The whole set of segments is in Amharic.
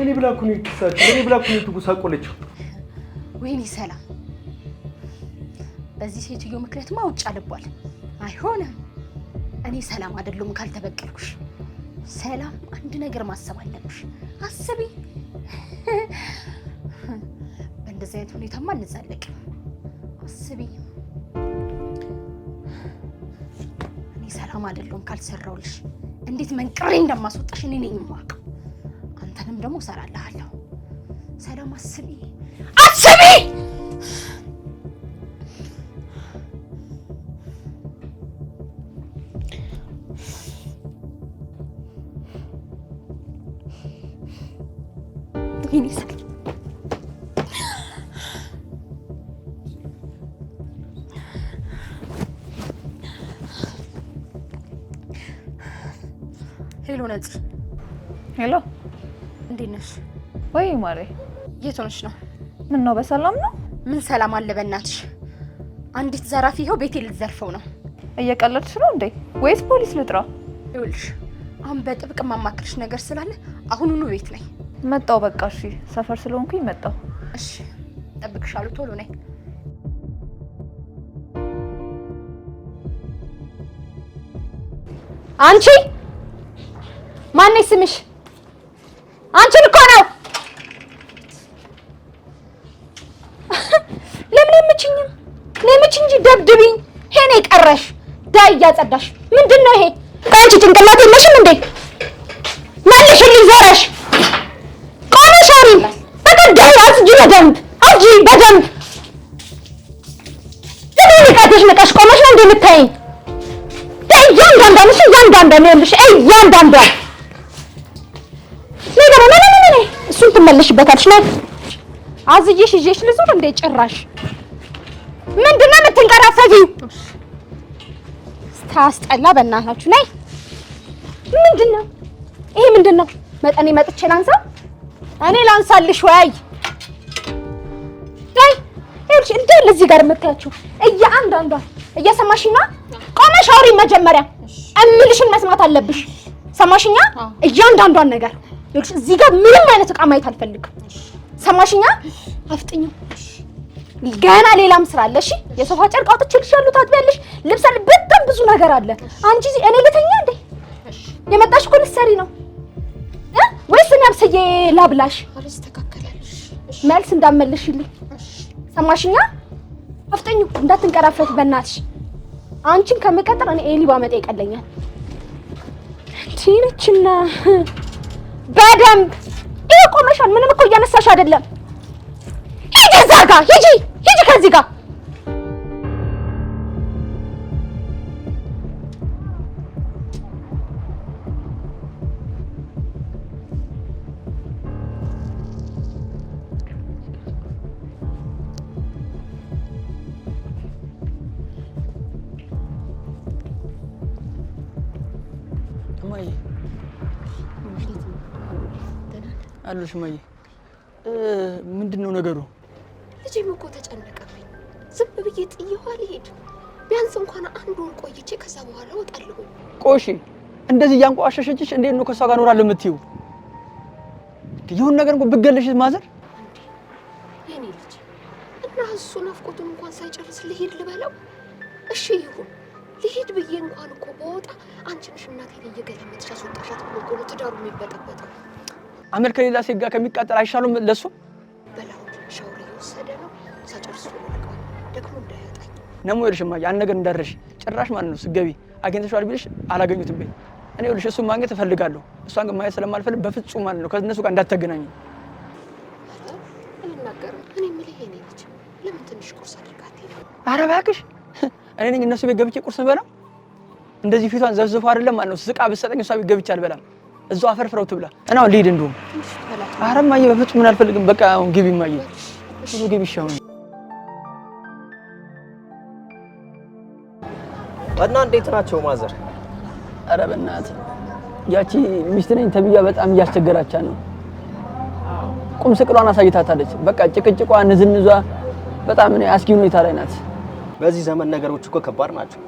እኔ ብላ እኮ ነው የተሳቸው። እኔ ብላ እኮ ነው የተጎሳቆለችው። ወይኔ ሰላም፣ በዚህ ሴትዮ ምክንያት ውጭ አልቧል። አይሆንም። እኔ ሰላም አይደለሁም ካልተበቀልኩሽ። ሰላም፣ አንድ ነገር ማሰብ አለብሽ። አስቢ። በእንደዚህ አይነት ሁኔታማ አንዛለቅም። አስቢ። እኔ ሰላም አይደለሁም ካልሰራውልሽ እንዴት መንቅሬ እንደማስወጣሽ እኔ ነኝ የማውቀው። አንተንም ደግሞ እሰራልሃለሁ። ሰላም አስቢ አስቢ። ይህን ይሰል ሄሎ ነፂ። ሄሎ እንዴት ነሽ? ወይ ማሬ፣ የት ሆነሽ ነው? ምን ነው በሰላም ነው? ምን ሰላም አለ በእናትሽ። አንዲት ዘራፊ ይኸው ቤቴ ልትዘርፈው ነው። እየቀለድሽ ነው እንዴ? ወይስ ፖሊስ ልጥራ? ይኸውልሽ አሁን በጥብቅ የማማክርሽ ነገር ስላለ አሁኑኑ ቤት ነኝ። መጣው በቃ። እሺ፣ ሰፈር ስለሆንኩኝ መጣው። እሺ፣ እጠብቅሻለሁ። ቶሎ ነይ። አንቺ ማነሽ ስምሽ? አንቺን እኮ ነው። ለምን አይመችኝም? ለምች እንጂ ደብድብኝ። ሄኔ ቀረሽ ዳይ እያጸዳሽ ምንድን ነው ይሄ? አንቺ ጭንቅላት የለሽም እንዴ? መልሽልኝ ዞረሽ ቆመሻሪ በቀዳ አጽጂ በደንብ አጂ በደንብ ትንቃትሽ ንቀሽ ቆመሽ ነው እንደምታይኝ እያንዳንዷ እያንዳንዷ ይኸውልሽ እያንዳንዷ ምን ትመለሽበታለሽ። ነይ አዝዬሽ ይዤሽ ልዙር። እንዴ? ጭራሽ ምንድን ነው የምትንቀራፈፊው? ስታስጠላ በእናታችሁ። ነይ ምንድን ነው ይሄ? ምንድን ነው መጠኔ? መጥቼ ላንሳ? እኔ ላንሳልሽ ወይ? ዳይ ይልሽ እንዳለ ለዚህ ጋር የምታያችሁ እያንዳንዷ እየሰማሽኝ ነው። ቆመሽ አውሪኝ መጀመሪያ እምልሽን መስማት አለብሽ። ሰማሽኛ? እያንዳንዷን ነገር ይኸውልሽ እዚህ ጋር ምንም አይነት እቃ ማየት አልፈልግም። ሰማሽኛ? አፍጥኝ። ገና ሌላም ስራ አለ። እሺ፣ የሶፋ ጨርቅ አውጥቼልሻለሁ፣ ታጥቢያለሽ። ልብስ አለ፣ በጣም ብዙ ነገር አለ። አንቺ እዚህ እኔ ልተኛ እንዴ? የመጣሽ እኮ ልትሰሪ ነው ወይስ እኔ አብስዬ ላብላሽ? መልስ እንዳመለሽልኝ ሰማሽኛ? አፍጥኙ፣ እንዳትንቀራፈት በእናትሽ። አንቺን ከምቀጥር እኔ ኤሊ ባመጣ ይቀለኛል። ነችና በደንብ ይሄ ቆመሻል። ምንም እኮ እያነሳሽ አይደለም። ሂጂ እዛ ሂጂ ሂጂ ከዚህ ጋር አሉሽ ማየ፣ ምንድን ነው ነገሩ? ልጄም እኮ ተጨነቀብኝ። ዝም ብዬ ጥዬዋ ልሄድ? ቢያንስ እንኳን አንድ ወር ቆይቼ ከዛ በኋላ እወጣለሁ። ቆሺ እንደዚህ እያንቋሸሸችሽ እንዴት ነው ከሷ ጋር እኖራለሁ የምትይው? ይሁን ነገር እንኳን ብትገልሽ ማዘር የኔ ልጅ እና እሱ ናፍቆቱን እንኳን ሳይጨርስ ልሄድ ልበለው? እሺ ይሁን ልሄድ ብዬ እንኳን እኮ በወጣ አንቺ ነሽ እናቴን እየገለመጥሽ አስወጣሻት ብሎ እኮ ነው ትዳሩ የሚበጠበጠው። አመድ ከሌላ ሴት ጋር ከሚቃጠል አይሻሉም? ለሱ ነሞ ሻወር ማ ያን ነገር እንዳረሽ ጭራሽ ማለት ነው ስገቢ አግኝተሽዋል ቢልሽ አላገኙትም በይ። እኔ ይልሽ እሱን ማግኘት እፈልጋለሁ፣ እሷን ግን ማየት ስለማልፈልግ በፍጹም ማለት ነው ከእነሱ ጋር እንዳታገናኙ። ኧረ እባክሽ እኔ ነኝ እነሱ ቤት ገብቼ ቁርስ በላ እንደዚህ ፊቷን ዘብዝፎ አይደለም ማለት ነው ስቃ ብትሰጠኝ እሷ ቤት ገብቼ አልበላም። እዛው አፈርፍረው ትብላ እና አሁን ልሂድ። እንደውም ኧረ እማዬ በፍጹም ምን አልፈልግም። በቃ አሁን ግቢ እማዬ፣ ብዙ ግቢ ይሻውን እና እንዴት ናቸው ማዘር? ኧረ በእናትህ ያቺ ሚስት ነኝ ተብያ በጣም እያስቸገራቻት ነው። ቁም ስቅሏን አሳይታታለች። በቃ ጭቅጭቋ፣ ንዝንዟ በጣም አስጊ ሁኔታ ላይ ናት። በዚህ ዘመን ነገሮች እኮ ከባድ ናቸው።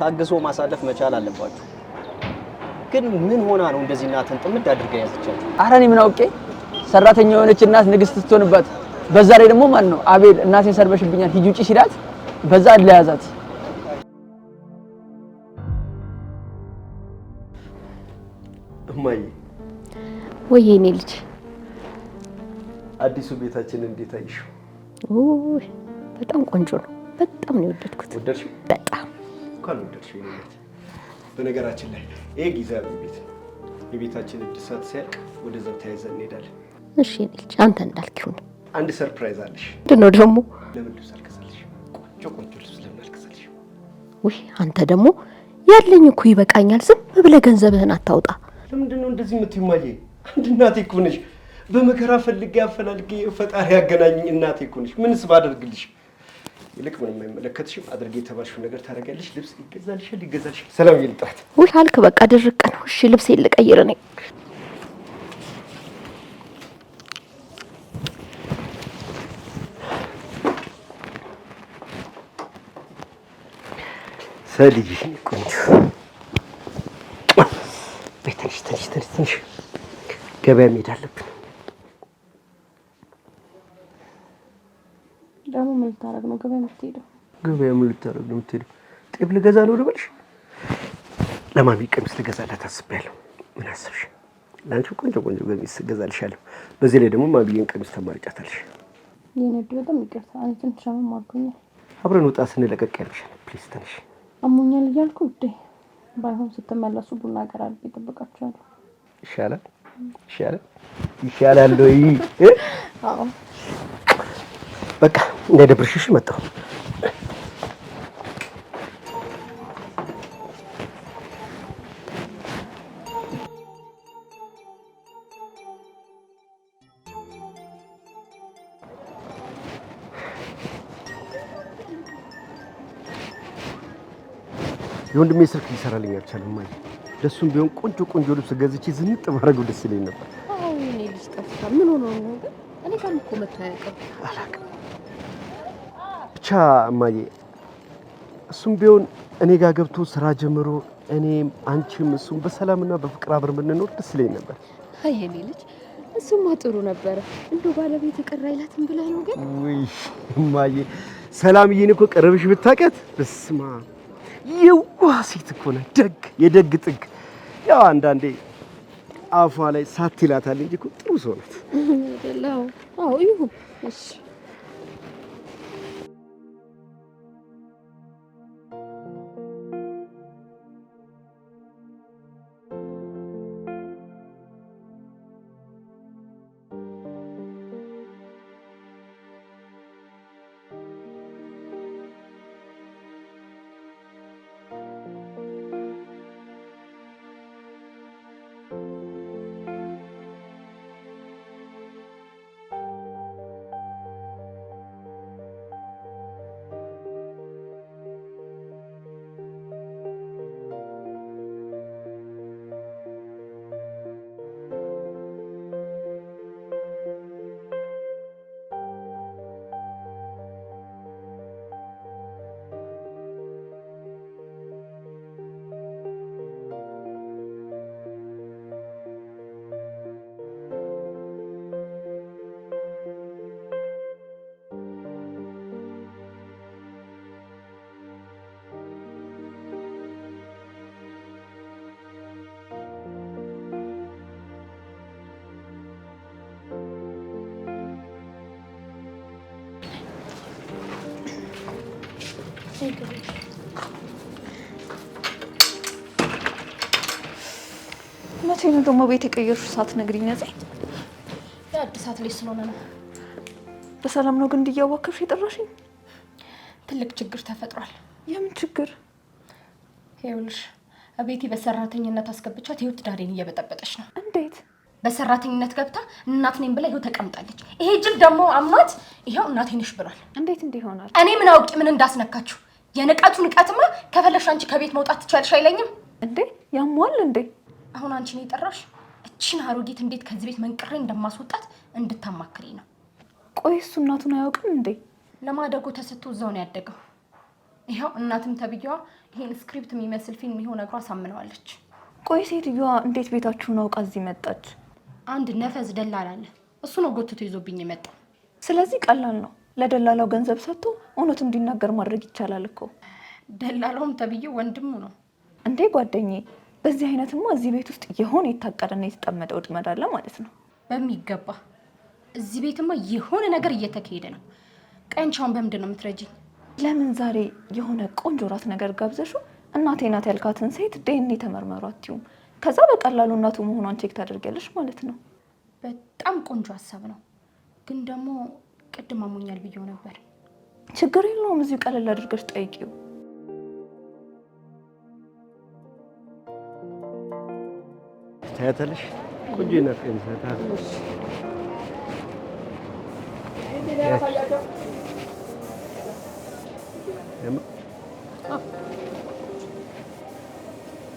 ታግሶ ማሳለፍ መቻል አለባቸው። ግን ምን ሆና ነው እንደዚህ እናትን ጥምድ አድርጋ ያዘቻቸው? ኧረ እኔ ምን አውቄ። ሰራተኛ የሆነች እናት ንግስት ስትሆንባት፣ በዛ ላይ ደግሞ ማን ነው አቤል እናቴን ሰርበሽብኛል ሂጂ ውጪ ሲላት በዛ ለያዛት። እማዬ ወይ የኔ ልጅ አዲሱ ቤታችን እንዴት አይሽው? በጣም ቆንጆ ነው። በጣም ነው የወደድኩት። በጣም በነገራችን ላይ ይሄ ጊዜያዊ ቤት ነው። የቤታችን እድሳት ሲያልቅ ወደዛው ተያይዘን እንሄዳለን። እሺ ልጅ፣ አንተ እንዳልክ አንድ ሰርፕራይዝ አለሽ። ምንድን ነው ደግሞ? ለምን ልብስ አልገዛልሽ? ቆንጆ ቆንጆ ልብስ ለምን አልገዛልሽ? ውይ አንተ ደግሞ ያለኝ እኮ ይበቃኛል። ዝም ብለህ ገንዘብህን አታውጣ። ለምንድን ነው እንደዚህ የምትይው? አንድ እናቴ እኮ ነሽ። በመከራ ፈልጌ አፈላልጌ ፈጣሪ ያገናኝ እናቴ እኮ ነሽ። ምንስ ባደርግልሽ ይልቅ ምንም አይመለከትሽም አድርጌ የተባልሽውን ነገር ታደርጊያለሽ። ልብስ ይገዛልሻል፣ ይገዛልሻል። ሰላም ይልጣት ውይ አልክ። በቃ ድርቅ ነው። እሺ ልብስ ልቀይር ነኝ። ሰልይ ቆንጆ ትንሽ ትንሽ ትንሽ ገበያ መሄድ አለብን። ልታረግ ነው ገበያ የምትሄደው? ገበያ ምን ልታረግ ነው የምትሄደው? ጤፍ ልገዛ ነው ልበልሽ? ለማሚ ቀሚስ ልገዛላት አስቤያለሁ። ምን አስብሽ? ለአንቺ ቆንጆ ቆንጆ ቀሚስ እገዛልሻለሁ። በዚህ ላይ ደግሞ ማብዬን ቀሚስ ተማርጫታልሽ። የነዱ በጣም ይቅርታ፣ እኔ ትንሽ አመም አድርጎኛል። አብረን ውጣ ስንለቀቅ ያልሻል። ፕሊስ፣ ትንሽ አሞኛል እያልኩ ውዴ፣ ባይሆን ስትመለሱ ቡና ገር አልቤ እጠብቃችኋለሁ። ይሻላል ይሻላል ይሻላል ወይ? አዎ በቃ እንደ ደብርሽሽ መጣሁ። የወንድሜ ስልክ ሊሰራልኝ አልቻለም። ማይ ለሱም ቢሆን ቆንጆ ቆንጆ ልብስ ገዝቼ ዝንጥ ባረገው ደስ ይለኝ ነበር። አሁን እኔ ልጅ ጠፍታ ምን ሆኖ ነው? ግን እኔ ጋርም እኮ መጥቶ አያውቅም። አላውቅም ብቻ እማዬ እሱም ቢሆን እኔ ጋር ገብቶ ስራ ጀምሮ እኔም አንቺም እሱም በሰላምና በፍቅር አብር ብንኖር ደስ ይለኝ ነበር። አይ የኔ ልጅ እሱማ ጥሩ ነበረ። እንዶ ባለቤት ቅር አይላትም ብለህ ነው? ግን ውይ እማዬ ሰላምዬን እኮ ቅርብሽ ብታውቂያት፣ ብስማ የዋ ሴት እኮ ናት። ደግ የደግ ጥግ። ያው አንዳንዴ አፏ ላይ ሳት ይላታል እንጂ እኮ ጥሩ ሰው ናት። አዎ ይሁን እሺ መቼ ነው ደግሞ ቤት የቀየርሽው? ሳትነግሪኝ ነፂ። የአዲሳት ልጅ ስለሆነ ነው። በሰላም ነው ግን እንዲያዋከብሽ የጠራሽኝ? ትልቅ ችግር ተፈጥሯል። የምን ችግር? ይኸውልሽ ቤቴ በሰራተኝነት አስገብቻት ይኸው ትዳሬን እየበጠበጠች ነው። እንዴት በሰራተኝነት ገብታ እናት ነኝ ብላ ይኸው ተቀምጣለች። ይሄ ጅብ ደግሞ አማት ይኸው እናቴ ነሽ ብሏል። እንዴት እንዲሆናል? እኔ ምን አውቄ ምን እንዳስነካችሁ የንቀቱ ንቀትማ ከፈለሽ አንቺ ከቤት መውጣት ትችያለሽ አይለኝም እንዴ? ያሟል እንዴ? አሁን አንቺን የጠራሽ እቺን አሮጌት እንዴት ከዚህ ቤት መንቅሬ እንደማስወጣት እንድታማክሪ ነው። ቆይ እሱ እናቱን አያውቅም እንዴ? ለማደጎ ተስቶ እዛው ነው ያደገው። ይኸው እናትም ተብዬዋ ይሄን ስክሪፕት የሚመስል ፊልም ይኸው ነግሯ አሳምነዋለች። ቆይ ሴትዮዋ እንዴት ቤታችሁን አውቃ እዚህ መጣች? አንድ ነፈዝ ደላላ አለ። እሱ ነው ጎትቶ ይዞብኝ የመጣ። ስለዚህ ቀላል ነው ለደላላው ገንዘብ ሰጥቶ እውነት እንዲናገር ማድረግ ይቻላል እኮ። ደላላውም ተብዬ ወንድሙ ነው እንዴ ጓደኝ። በዚህ አይነትማ እዚህ ቤት ውስጥ የሆነ የታቀደና የተጠመደ ውጥመድ አለ ማለት ነው። በሚገባ እዚህ ቤትማ የሆነ ነገር እየተካሄደ ነው። ቀንቻውን በምንድን ነው የምትረጂኝ? ለምን ዛሬ የሆነ ቆንጆ ራት ነገር ጋብዘሹ እናቴ ናት ያልካትን ሴት ዴኔ ተመርመሩ አትዩም። ከዛ በቀላሉ እናቱ መሆኗን ቼክ ታደርጊያለሽ ማለት ነው። በጣም ቆንጆ ሀሳብ ነው ግን ደግሞ ቅድም አሞኛል ብዬው ነበር። ችግር የለውም እዚሁ ቀለል አድርገሽ ጠይቂው። ታያታለሽ ቆንጆ ናፍቀኝ ሰታ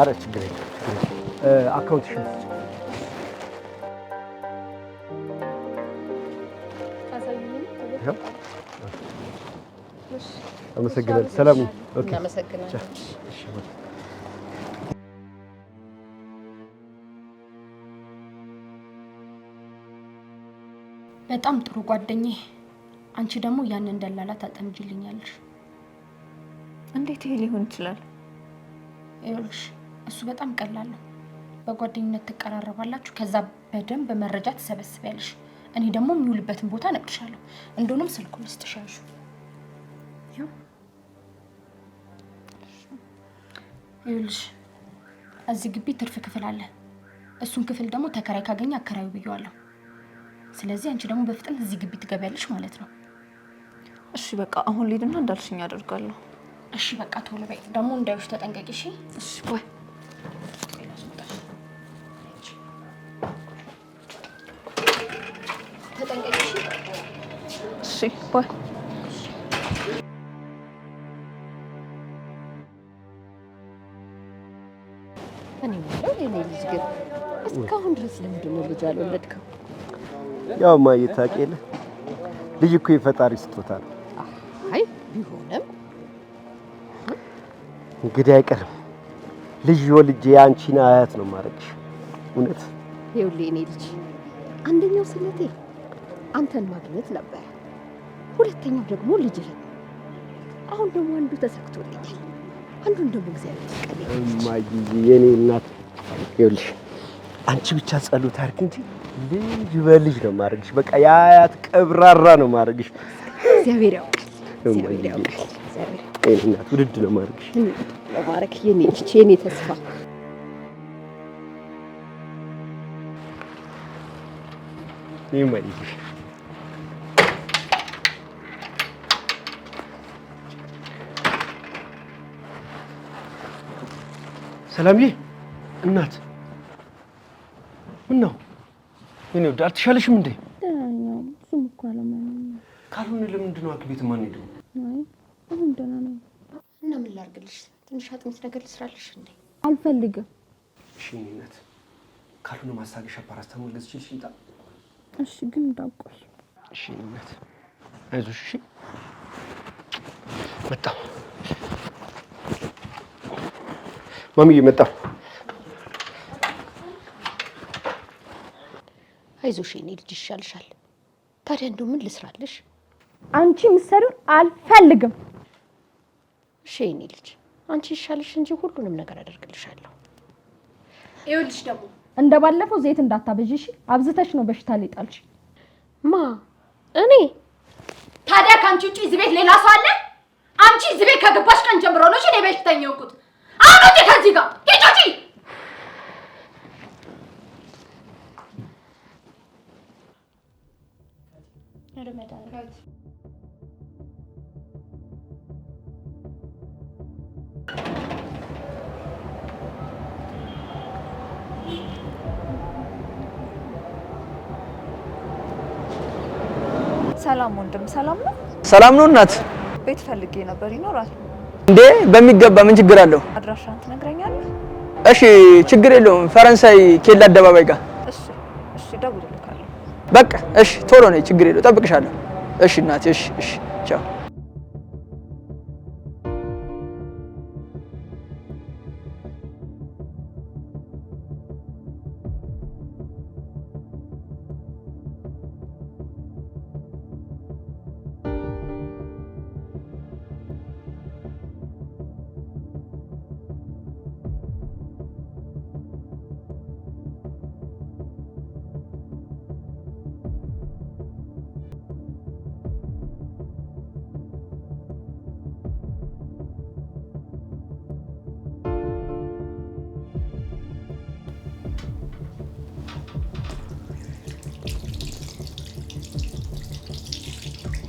አረ ችግር የለም አካውንትሽን አመሰግናለሁ። ሰላም ኦኬ። በጣም ጥሩ ጓደኛዬ አንቺ ደግሞ ያንን ደላላ ታጠምጅልኛለሽ። እንዴት ይሄ ሊሆን ይችላል? ይኸውልሽ እሱ በጣም ቀላል ነው። በጓደኝነት ትቀራረባላችሁ፣ ከዛ በደንብ መረጃ ትሰበስቢያለሽ። እኔ ደግሞ የሚውልበትን ቦታ እነግርሻለሁ። እንደሆነም ስልኩን ስትሻሹ ይኸውልሽ እዚህ ግቢ ትርፍ ክፍል አለ። እሱን ክፍል ደግሞ ተከራይ ካገኘ አከራዩ ብየዋለሁ። ስለዚህ አንቺ ደግሞ በፍጥነት እዚህ ግቢ ትገቢያለሽ ማለት ነው። እሺ በቃ አሁን ልሂድና እንዳልሽኝ አደርጋለሁ። እሺ በቃ ቶሎ በይ፣ ደግሞ እንዳይሽ ተጠንቀቂ። እሺ እሺ ወይ ተጠንቀቂ። እስካሁን ድረስ ለምንድን ነው ልጅ አልወለድከው? ያው ማየት ታውቂ የለ ልጅ እኮ የፈጣሪ ስጦታ ነው። ቢሆንም እንግዲህ አይቀርም። ልጅ ወልጄ አንቺን አያት ነው ማድረግሽ። እውነት ይኸውልህ፣ እኔ ልጅ አንደኛው ስለቴ አንተን ማግኘት ነበር። ሁለተኛው ደግሞ ልጅ። አሁን ደግሞ አንዱ ተሳክቶልኛል፣ አንዱን ደግሞ እግዚአብሔር ይቀበል። የኔ እናት ይኸውልሽ፣ አንቺ ብቻ ጸሎት አድርግ እንጂ ልጅ በልጅ ነው ማድረግሽ። በቃ የአያት ቀብራራ ነው ማድረግሽ። እግዚአብሔር ያውቅ እግዚአብሔር ውድድ ነው ማድረግሽ ለማድረግ የኔ ተስፋ ይመልሽ ሰላምዬ እናት ምን ነው የኔ ወደ አልተሻለሽም እንዴ? ካልሆነ ለምንድን ነው ሐኪም ማን ሄደው አይ አሁን ደህና ነኝ። እና ምን ላድርግልሽ? ትንሽ አጥሚት ነገር ልስራልሽ እንዴ? አልፈልግም። እሺ እናት፣ ካልሆነ ማሳገሻ ፓራስታሞል ገዝቼልሽ ልምጣ። እሺ፣ ግን እንዳቆይ። እሺ እናት፣ አይዞሽ። እሺ፣ መጣሁ ማሚዬ፣ መጣሁ። አይዞሽ የኔ ልጅ፣ ይሻልሻል። ታዲያ እንደው ምን ልስራልሽ? አንቺ የምትሰሪውን አልፈልግም። እሺ የእኔ ልጅ አንቺ ይሻልሽ እንጂ ሁሉንም ነገር አደርግልሻለሁ። ይኸውልሽ ደግሞ እንደ ባለፈው ዘይት እንዳታበዥ እሺ? አብዝተሽ ነው በሽታ ሊጣልሽ። ማ እኔ ታዲያ ከአንቺ ውጭ እዚህ ቤት ሌላ ሰው አለ? አንቺ እዚህ ቤት ከገባሽ ቀን ጀምሮ ነው እኔ በሽተኛ የሆንኩት። አሁን ውጪ ከዚህ ጋር ጌጮጪ ረመዳን ሰላም ወንድም፣ ሰላም ነው። ሰላም ነው እናት። ቤት ፈልጌ ነበር፣ ይኖራል እንዴ? በሚገባ ምን ችግር አለው? አድራሻን ትነግረኛለህ? እሺ፣ ችግር የለውም። ፈረንሳይ ኬላ አደባባይ ጋር። እሺ፣ እሺ፣ ደውልልካለሁ። በቃ እሺ፣ ቶሎ ነይ፣ ችግር የለውም። ጠብቅሻለሁ። እሺ እናቴ፣ እሺ፣ እሺ፣ ቻው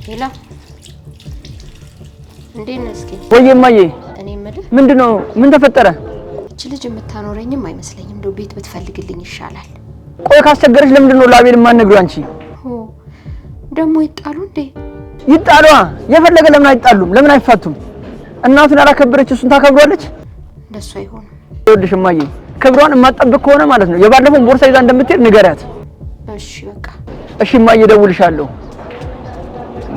ሄላ እንዴት ነህ? እስኪ ወይ እማዬ፣ እኔ የምልህ ምንድን ነው? ምን ተፈጠረ? እች ልጅ የምታኖረኝም አይመስለኝም። እንደው ቤት ብትፈልግልኝ ይሻላል። ቆይ ካስቸገረች ለምንድን ነው ለአቤል የማትነግሪው አንቺ? ደግሞ ይጣሉ እንዴ? ይጣሉ የፈለገ ለምን አይጣሉም? ለምን አይፋቱም? እናቱን ያላከበረች እሱን ታከብሯለች? እንደሱ አይሆንም። ይኸውልሽ እማዬ፣ ክብሯን የማትጠብቅ ከሆነ ማለት ነው የባለፈውን ቦርሳ ይዛ እንደምትሄድ ንገሪያት። እሺ በቃ እሺ እማዬ፣ እደውልልሻለሁ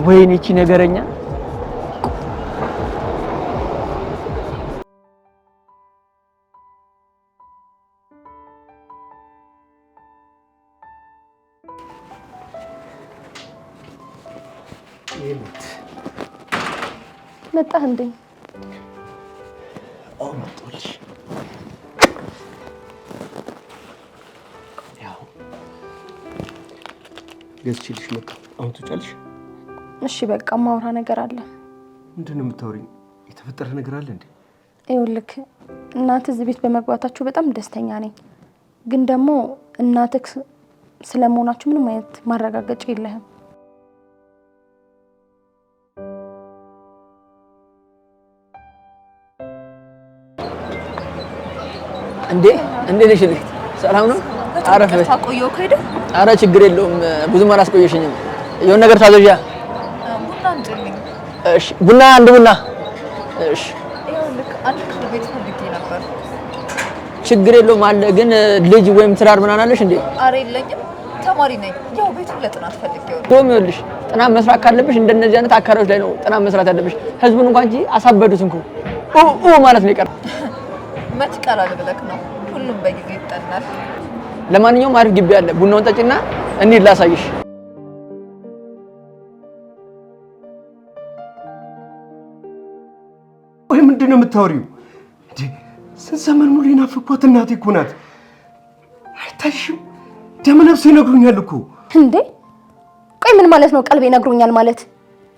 ወይኔ ይቺ ነገረኛ መጣህ እንዴ? አዎ መጣሁልሽ። ያው ገዝቼልሽ መጣሁ። አሁን ትውጫለሽ? እሺ በቃ ማውራ ነገር አለ። ምንድን ነው የምታወሪኝ? የተፈጠረ ነገር አለ እንዴ? ይኸውልህ እናት እዚህ ቤት በመግባታችሁ በጣም ደስተኛ ነኝ፣ ግን ደግሞ እናትህ ስለመሆናችሁ ምንም አይነት ማረጋገጫ የለህም። እንዴ እንዴት ነሽ ልክ ሰላም ነው? አረፈ ታቆየው ከሄደ? አረ ችግር የለውም ብዙም አላስቆየሽኝም። የሆነ ነገር ታዘዣ እሺ፣ ቡና አንድ ቡና። እሺ፣ ችግር የለውም አለ። ግን ልጅ ወይም ትዳር ምናምን አለሽ እንዴ? ኧረ የለኝም፣ ተማሪ ነኝ። ያው ቤቱን ለጥናት ፈልጌው ነው። ይኸውልሽ፣ ጥናት መስራት ካለብሽ እንደነዚህ አይነት አካባቢዎች ላይ ነው ጥናት መስራት ያለብሽ። ህዝቡን እንኳን እንጂ አሳበዱት እንኳን ኡ ማለት ነው የቀረው። መች ይቀራል ብለህ ነው? ሁሉም በጊዜ ይጠናል። ለማንኛውም አሪፍ ግቢ አለ። ቡናውን ጠጪና እንሂድ ላሳይሽ። ነው የምታወሪው? ስንት ዘመን ሙሉ የናፈኳት እናቴ እኮ ናት። አይታይሽም? ደም ነፍሴ ይነግሩኛል እኮ እንዴ። ቆይ ምን ማለት ነው? ቀልቤ ይነግሩኛል ማለት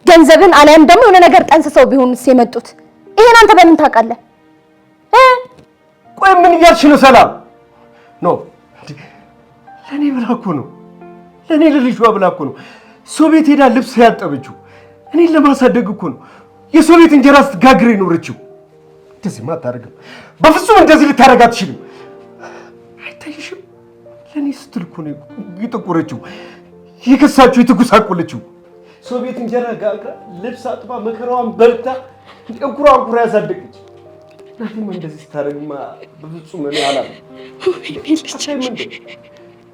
ገንዘብን አልያም ደግሞ የሆነ ነገር ጠንስሰው ቢሆንስ የመጡት? ይሄን አንተ በምን ታውቃለህ? ቆይ ምን እያልሽ ነው? ሰላም ኖ ለእኔ ብላ እኮ ነው ለእኔ ለልጇ ብላ እኮ ነው ሰው ቤት ሄዳ ልብስ ያጠበችው። እኔን ለማሳደግ እኮ ነው የሰው ቤት እንጀራ ስትጋግር የኖረችው። እንደዚህማ አታደርግም። በፍጹም እንደዚህ ልታደርግ አትችልም። አይታይሽም? ለእኔ ስትል እኮ ነው የጠቆረችው፣ የከሳችው፣ የተጎሳቆለችው ሰው ቤት እንጀራ ጋግራ ልብስ አጥባ መከራዋን በልታ እንቁራንቁራ ያሳደገች እናቴማ እንደዚህ ስታደርግማ በፍጹም እኔ አላለም።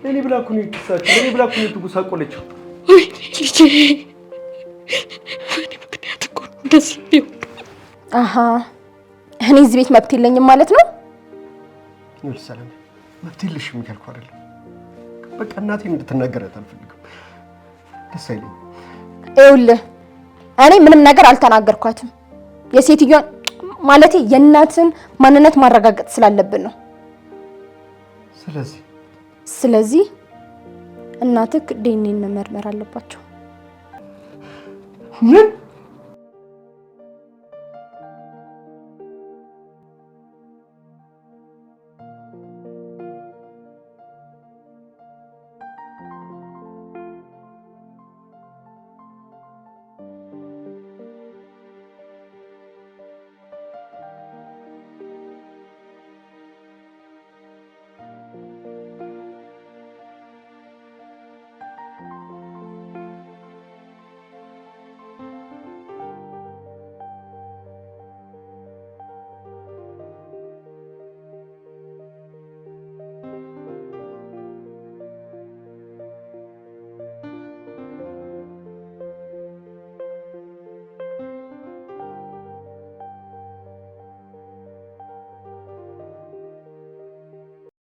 ለእኔ ብላ እኮ ነው የከሳችው፣ ለእኔ ብላ እኮ ነው የተጎሳቆለችው። ምክንያት እኮ እንደዚህ አሀ እኔ እዚህ ቤት መብት የለኝም ማለት ነው? ይኸውልሽ ሰላም፣ መብት የለሽም እያልኩ አይደለም። በቃ እናቴን እንድትናገረት አልፈልግም። ደስ አይለኝም። ይኸውልህ እኔ ምንም ነገር አልተናገርኳትም። የሴትዮን ማለቴ የእናትን ማንነት ማረጋገጥ ስላለብን ነው። ስለዚህ ስለዚህ እናትህ ዲኤንኤን መመርመር አለባቸው። ምን